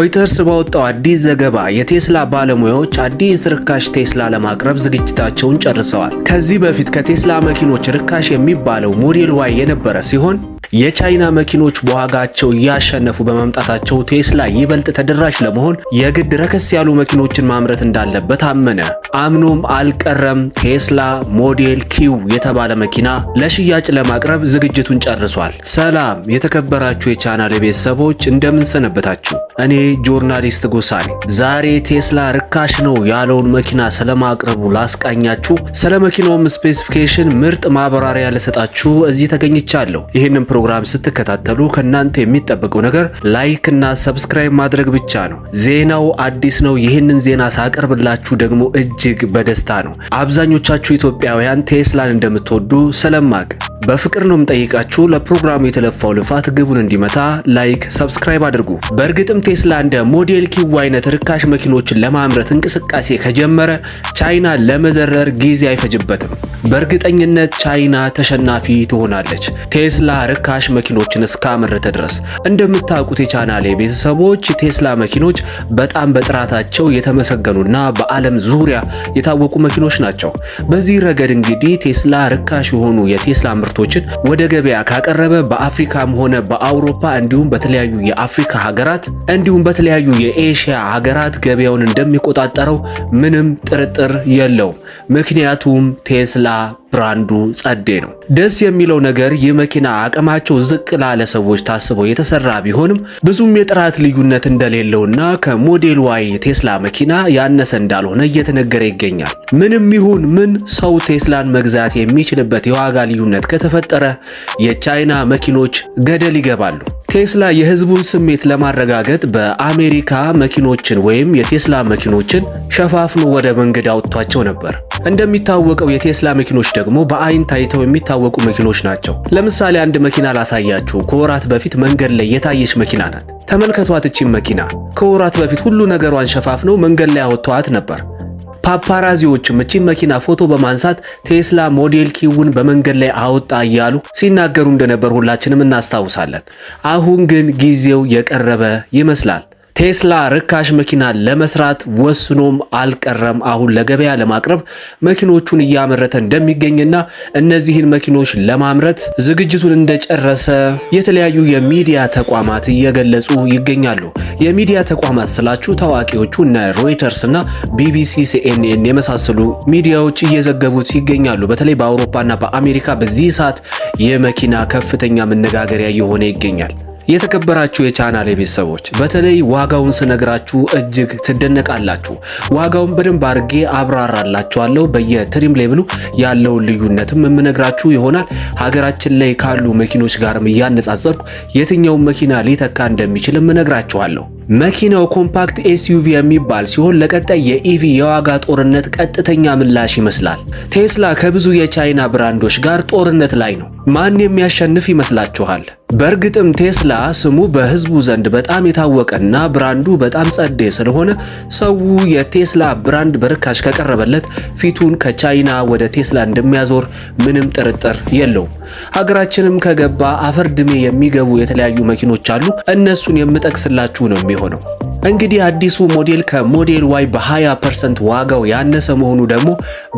ሮይተርስ ባወጣው አዲስ ዘገባ የቴስላ ባለሙያዎች አዲስ ርካሽ ቴስላ ለማቅረብ ዝግጅታቸውን ጨርሰዋል። ከዚህ በፊት ከቴስላ መኪኖች ርካሽ የሚባለው ሞዴል ዋይ የነበረ ሲሆን የቻይና መኪኖች በዋጋቸው እያሸነፉ በመምጣታቸው ቴስላ ይበልጥ ተደራሽ ለመሆን የግድ ረከስ ያሉ መኪኖችን ማምረት እንዳለበት አመነ። አምኖም አልቀረም ቴስላ ሞዴል ኪው የተባለ መኪና ለሽያጭ ለማቅረብ ዝግጅቱን ጨርሷል። ሰላም የተከበራችሁ የቻናል ቤተሰቦች እንደምን ሰነበታችሁ? እኔ ጆርናሊስት ጎሳኔ ዛሬ ቴስላ ርካሽ ነው ያለውን መኪና ስለማቅረቡ ላስቃኛችሁ፣ ስለ መኪናውም ስፔሲፊኬሽን ምርጥ ማብራሪያ ልሰጣችሁ እዚህ ተገኝቻለሁ። ይህንን ፕሮግራም ስትከታተሉ ከእናንተ የሚጠበቀው ነገር ላይክ እና ሰብስክራይብ ማድረግ ብቻ ነው። ዜናው አዲስ ነው። ይህንን ዜና ሳቀርብላችሁ ደግሞ እጅግ በደስታ ነው። አብዛኞቻችሁ ኢትዮጵያውያን ቴስላን እንደምትወዱ ስለማቅ በፍቅር ነው የምጠይቃችሁ። ለፕሮግራሙ የተለፋው ልፋት ግቡን እንዲመታ ላይክ፣ ሰብስክራይብ አድርጉ። በእርግጥም ቴስላ እንደ ሞዴል ኪው አይነት ርካሽ መኪኖችን ለማምረት እንቅስቃሴ ከጀመረ ቻይና ለመዘረር ጊዜ አይፈጅበትም። በእርግጠኝነት ቻይና ተሸናፊ ትሆናለች፣ ቴስላ ርካሽ መኪኖችን እስካመረተ ድረስ። እንደምታውቁት የቻናሌ ቤተሰቦች ቴስላ መኪኖች በጣም በጥራታቸው የተመሰገኑና በዓለም ዙሪያ የታወቁ መኪኖች ናቸው። በዚህ ረገድ እንግዲህ ቴስላ ርካሽ የሆኑ የቴስላ ምርቶችን ወደ ገበያ ካቀረበ በአፍሪካም ሆነ በአውሮፓ እንዲሁም በተለያዩ የአፍሪካ ሀገራት እንዲሁም በተለያዩ የኤሽያ ሀገራት ገበያውን እንደሚቆጣጠረው ምንም ጥርጥር የለውም። ምክንያቱም ቴስላ ብራንዱ ጸዴ ነው። ደስ የሚለው ነገር ይህ መኪና አቅማቸው ዝቅ ላለ ሰዎች ታስበው የተሰራ ቢሆንም ብዙም የጥራት ልዩነት እንደሌለውና ከሞዴል ዋይ ቴስላ መኪና ያነሰ እንዳልሆነ እየተነገረ ይገኛል። ምንም ይሁን ምን ሰው ቴስላን መግዛት የሚችልበት የዋጋ ልዩነት ከተፈጠረ የቻይና መኪኖች ገደል ይገባሉ። ቴስላ የህዝቡን ስሜት ለማረጋገጥ በአሜሪካ መኪኖችን ወይም የቴስላ መኪኖችን ሸፋፍኖ ወደ መንገድ አውጥቷቸው ነበር። እንደሚታወቀው የቴስላ መኪኖች ደግሞ በአይን ታይተው የሚታወቁ መኪኖች ናቸው። ለምሳሌ አንድ መኪና ላሳያችሁ። ከወራት በፊት መንገድ ላይ የታየች መኪና ናት። ተመልከቷት። እቺን መኪና ከወራት በፊት ሁሉ ነገሯን ሸፋፍነው መንገድ ላይ አወጥተዋት ነበር። ፓፓራዚዎችም እቺን መኪና ፎቶ በማንሳት ቴስላ ሞዴል ኪውን በመንገድ ላይ አወጣ እያሉ ሲናገሩ እንደነበር ሁላችንም እናስታውሳለን። አሁን ግን ጊዜው የቀረበ ይመስላል። ቴስላ ርካሽ መኪና ለመስራት ወስኖም አልቀረም። አሁን ለገበያ ለማቅረብ መኪኖቹን እያመረተ እንደሚገኝና እነዚህን መኪኖች ለማምረት ዝግጅቱን እንደጨረሰ የተለያዩ የሚዲያ ተቋማት እየገለጹ ይገኛሉ። የሚዲያ ተቋማት ስላችሁ ታዋቂዎቹ እነ ሮይተርስ እና ቢቢሲ፣ ሲኤንኤን የመሳሰሉ ሚዲያዎች እየዘገቡት ይገኛሉ። በተለይ በአውሮፓና በአሜሪካ በዚህ ሰዓት የመኪና ከፍተኛ መነጋገሪያ የሆነ ይገኛል። የተከበራችሁ የቻናሌ ቤተሰቦች በተለይ ዋጋውን ስነግራችሁ እጅግ ትደነቃላችሁ። ዋጋውን በደንብ አድርጌ አብራራላችኋለሁ። በየትሪም ሌብሉ ያለውን ልዩነትም የምነግራችሁ ይሆናል። ሀገራችን ላይ ካሉ መኪኖች ጋርም እያነጻጸርኩ የትኛውን መኪና ሊተካ እንደሚችል የምነግራችኋለሁ። መኪናው ኮምፓክት ኤስዩቪ የሚባል ሲሆን ለቀጣይ የኢቪ የዋጋ ጦርነት ቀጥተኛ ምላሽ ይመስላል። ቴስላ ከብዙ የቻይና ብራንዶች ጋር ጦርነት ላይ ነው። ማን የሚያሸንፍ ይመስላችኋል? በእርግጥም ቴስላ ስሙ በህዝቡ ዘንድ በጣም የታወቀና ብራንዱ በጣም ጸዴ ስለሆነ ሰው የቴስላ ብራንድ በርካሽ ከቀረበለት ፊቱን ከቻይና ወደ ቴስላ እንደሚያዞር ምንም ጥርጥር የለውም። ሀገራችንም ከገባ አፈር ድሜ የሚገቡ የተለያዩ መኪኖች አሉ። እነሱን የምጠቅስላችሁ ነው። የሆነው። እንግዲህ አዲሱ ሞዴል ከሞዴል ዋይ በ20% ዋጋው ያነሰ መሆኑ ደግሞ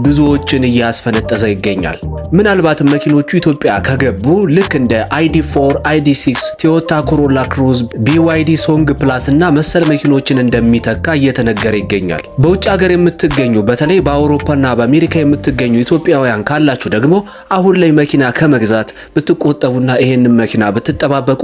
ብዙዎችን እያስፈነጠዘ ይገኛል። ምናልባትም መኪኖቹ ኢትዮጵያ ከገቡ ልክ እንደ ID4፣ ID6፣ ቶዮታ ኮሮላ ክሩዝ፣ BYD ሶንግ ፕላስ እና መሰል መኪኖችን እንደሚተካ እየተነገረ ይገኛል። በውጭ ሀገር የምትገኙ በተለይ በአውሮፓና በአሜሪካ የምትገኙ ኢትዮጵያውያን ካላችሁ ደግሞ አሁን ላይ መኪና ከመግዛት ብትቆጠቡና ይሄንን መኪና ብትጠባበቁ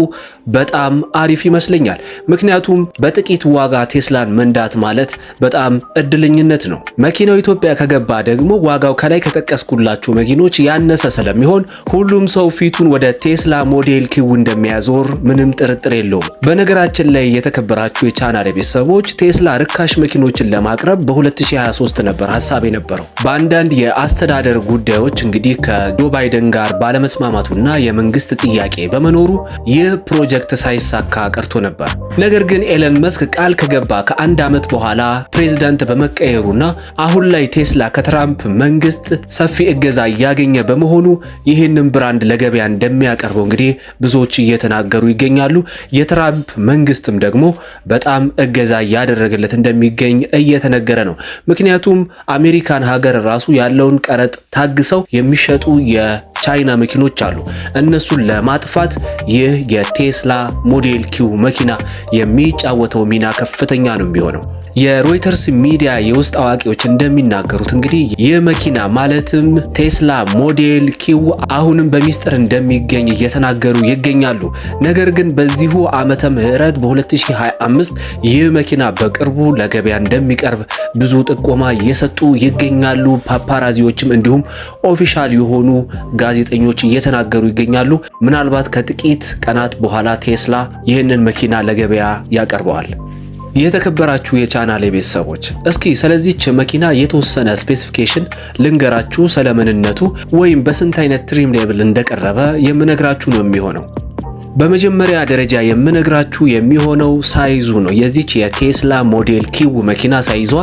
በጣም አሪፍ ይመስለኛል። ምክንያቱም በጥቂት ዋጋ ቴስላን መንዳት ማለት በጣም እድልኝነት ነው። መኪናው ኢትዮጵያ ከገባ ደግሞ ዋጋው ከላይ ከጠቀስኩላችሁ መኪኖች ያነሰ ስለሚሆን ሁሉም ሰው ፊቱን ወደ ቴስላ ሞዴል ኪው እንደሚያዞር ምንም ጥርጥር የለውም። በነገራችን ላይ የተከበራችሁ የቻናል ቤተሰቦች ቴስላ ርካሽ መኪኖችን ለማቅረብ በ2023 ነበር ሀሳብ የነበረው። በአንዳንድ የአስተዳደር ጉዳዮች እንግዲህ ከጆ ባይደን ጋር ባለመስማማቱና የመንግስት ጥያቄ በመኖሩ ይህ ፕሮጀክት ሳይሳካ ቀርቶ ነበር። ነገር ግን ኤለን መስክ ቃል ከገባ ከአንድ ዓመት በኋላ ፕሬዝዳንት በመቀየሩና አሁን ላይ ቴስላ ከትራምፕ መንግስት ሰፊ እገዛ እያገኘ በመሆኑ ይህንን ብራንድ ለገበያ እንደሚያቀርበው እንግዲህ ብዙዎች እየተናገሩ ይገኛሉ። የትራምፕ መንግስትም ደግሞ በጣም እገዛ እያደረገለት እንደሚገኝ እየተነገረ ነው። ምክንያቱም አሜሪካን ሀገር ራሱ ያለውን ቀረጥ ታግሰው የሚሸጡ የ ቻይና መኪኖች አሉ። እነሱን ለማጥፋት ይህ የቴስላ ሞዴል ኪው መኪና የሚጫወተው ሚና ከፍተኛ ነው የሚሆነው። የሮይተርስ ሚዲያ የውስጥ አዋቂዎች እንደሚናገሩት እንግዲህ ይህ መኪና ማለትም ቴስላ ሞዴል ኪው አሁንም በሚስጥር እንደሚገኝ እየተናገሩ ይገኛሉ። ነገር ግን በዚሁ ዓመተ ምህረት በ2025 ይህ መኪና በቅርቡ ለገበያ እንደሚቀርብ ብዙ ጥቆማ እየሰጡ ይገኛሉ። ፓፓራዚዎችም እንዲሁም ኦፊሻል የሆኑ ጋዜጠኞች እየተናገሩ ይገኛሉ። ምናልባት ከጥቂት ቀናት በኋላ ቴስላ ይህንን መኪና ለገበያ ያቀርበዋል። የተከበራችሁ የቻናሌ ቤተሰቦች እስኪ ስለዚች መኪና የተወሰነ ስፔሲፊኬሽን ልንገራችሁ። ስለምንነቱ ወይም በስንት አይነት ትሪም ሌብል እንደቀረበ የምነግራችሁ ነው የሚሆነው። በመጀመሪያ ደረጃ የምነግራችሁ የሚሆነው ሳይዙ ነው። የዚች የቴስላ ሞዴል ኪው መኪና ሳይዟ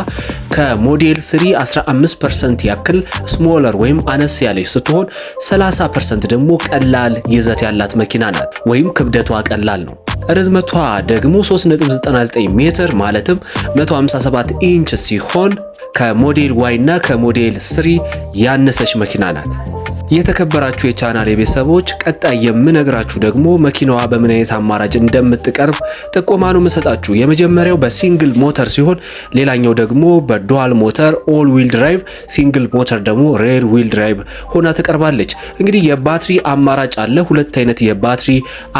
ከሞዴል 3 15% ያክል ስሞለር ወይም አነስ ያለች ስትሆን 30% ደግሞ ቀላል ይዘት ያላት መኪና ናት፣ ወይም ክብደቷ ቀላል ነው። ርዝመቷ ደግሞ 3.99 ሜትር ማለትም 157 ኢንች ሲሆን ከሞዴል ዋይ እና ከሞዴል ስሪ ያነሰች መኪና ናት። የተከበራችሁ የቻናል የቤተሰቦች ቀጣይ የምነግራችሁ ደግሞ መኪናዋ በምን አይነት አማራጭ እንደምትቀርብ ጥቆማ ነው የምሰጣችሁ። የመጀመሪያው በሲንግል ሞተር ሲሆን ሌላኛው ደግሞ በዱዋል ሞተር ኦል ዊል ድራይቭ፣ ሲንግል ሞተር ደግሞ ሬር ዊል ድራይቭ ሆና ትቀርባለች። እንግዲህ የባትሪ አማራጭ አለ። ሁለት አይነት የባትሪ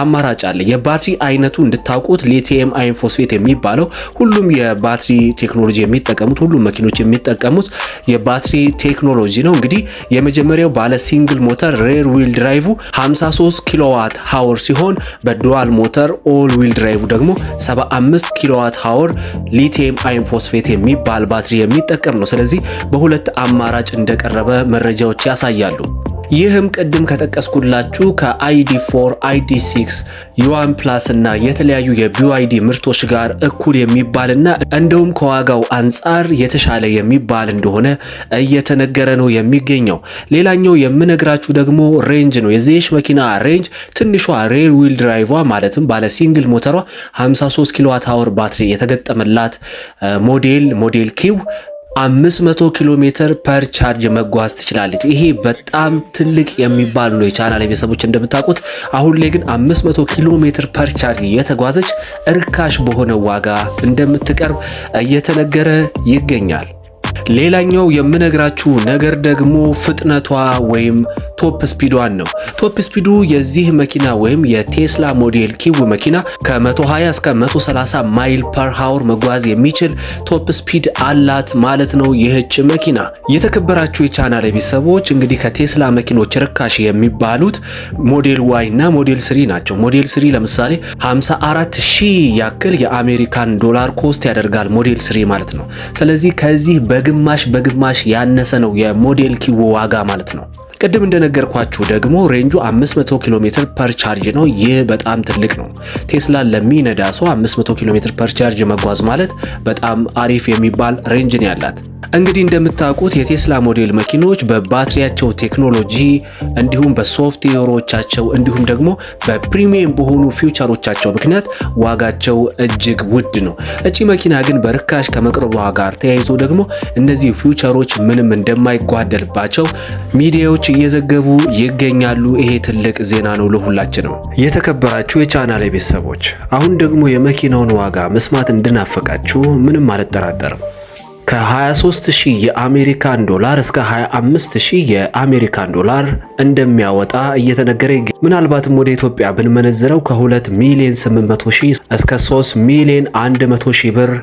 አማራጭ አለ። የባትሪ አይነቱ እንድታውቁት ሊቲየም አይን ፎስፌት የሚባለው ሁሉም የባትሪ ቴክኖሎጂ የሚጠቀሙት ሁሉም መኪኖች የሚጠቀሙት የባትሪ ቴክኖሎጂ ነው። እንግዲህ የመጀመሪያው ባለ ሲንግል ሞተር ሬር ዊል ድራይቭ 53 ኪሎዋት ሀወር ሲሆን በዱዋል ሞተር ኦል ዊል ድራይቭ ደግሞ 75 ኪሎዋት ሃወር ሊቲየም አይን ፎስፌት የሚባል ባትሪ የሚጠቀም ነው። ስለዚህ በሁለት አማራጭ እንደቀረበ መረጃዎች ያሳያሉ። ይህም ቅድም ከጠቀስኩላችሁ ከአይዲ ፎር አይዲ 6 ዩዋን ፕላስ እና የተለያዩ የቢዋይዲ ምርቶች ጋር እኩል የሚባልና እንደውም ከዋጋው አንጻር የተሻለ የሚባል እንደሆነ እየተነገረ ነው የሚገኘው። ሌላኛው የምነግራችሁ ደግሞ ሬንጅ ነው። የዚሽ መኪና ሬንጅ ትንሿ ሬር ዊል ድራይቫ ማለትም ባለ ሲንግል ሞተሯ 53 ኪሎዋት አወር ባትሪ የተገጠመላት ሞዴል ሞዴል ኪው 500 ኪሎ ሜትር ፐር ቻርጅ መጓዝ ትችላለች። ይሄ በጣም ትልቅ የሚባል ነው የቻናል ቤተሰቦች እንደምታውቁት። አሁን ላይ ግን 500 ኪሎ ሜትር ፐር ቻርጅ የተጓዘች እርካሽ በሆነ ዋጋ እንደምትቀርብ እየተነገረ ይገኛል። ሌላኛው የምነግራችሁ ነገር ደግሞ ፍጥነቷ ወይም ቶፕ ስፒዷን ነው። ቶፕ ስፒዱ የዚህ መኪና ወይም የቴስላ ሞዴል ኪው መኪና ከ120 እስከ 130 ማይል ፐር ሃወር መጓዝ የሚችል ቶፕ ስፒድ አላት ማለት ነው ይህች መኪና። የተከበራችሁ የቻናል ቤተሰቦች እንግዲህ ከቴስላ መኪኖች ርካሽ የሚባሉት ሞዴል ዋይ እና ሞዴል ስሪ ናቸው። ሞዴል ስሪ ለምሳሌ 54 ሺህ ያክል የአሜሪካን ዶላር ኮስት ያደርጋል ሞዴል ስሪ ማለት ነው። ስለዚህ ከዚህ በግማሽ በግማሽ ያነሰ ነው የሞዴል ኪው ዋጋ ማለት ነው። ቅድም እንደነገርኳችሁ ደግሞ ሬንጁ 500 ኪሎ ሜትር ፐር ቻርጅ ነው። ይህ በጣም ትልቅ ነው። ቴስላን ለሚነዳ ሰው 500 ኪሎ ሜትር ፐር ቻርጅ መጓዝ ማለት በጣም አሪፍ የሚባል ሬንጅን ያላት እንግዲህ እንደምታውቁት የቴስላ ሞዴል መኪኖች በባትሪያቸው ቴክኖሎጂ እንዲሁም በሶፍትዌሮቻቸው እንዲሁም ደግሞ በፕሪሚየም በሆኑ ፊውቸሮቻቸው ምክንያት ዋጋቸው እጅግ ውድ ነው። እቺ መኪና ግን በርካሽ ከመቅረቧ ጋር ተያይዞ ደግሞ እነዚህ ፊውቸሮች ምንም እንደማይጓደልባቸው ሚዲያዎች እየዘገቡ ይገኛሉ። ይሄ ትልቅ ዜና ነው ለሁላችንም። የተከበራችሁ የቻናሌ ቤተሰቦች አሁን ደግሞ የመኪናውን ዋጋ መስማት እንድናፈቃችሁ ምንም አልጠራጠርም። ከ23000 የአሜሪካን ዶላር እስከ 25000 የአሜሪካን ዶላር እንደሚያወጣ እየተነገረ ይገኛል። ምናልባትም ወደ ኢትዮጵያ ብንመነዝረው ከ2 ሚሊዮን 800 እስከ 3 ሚሊዮን 100 ብር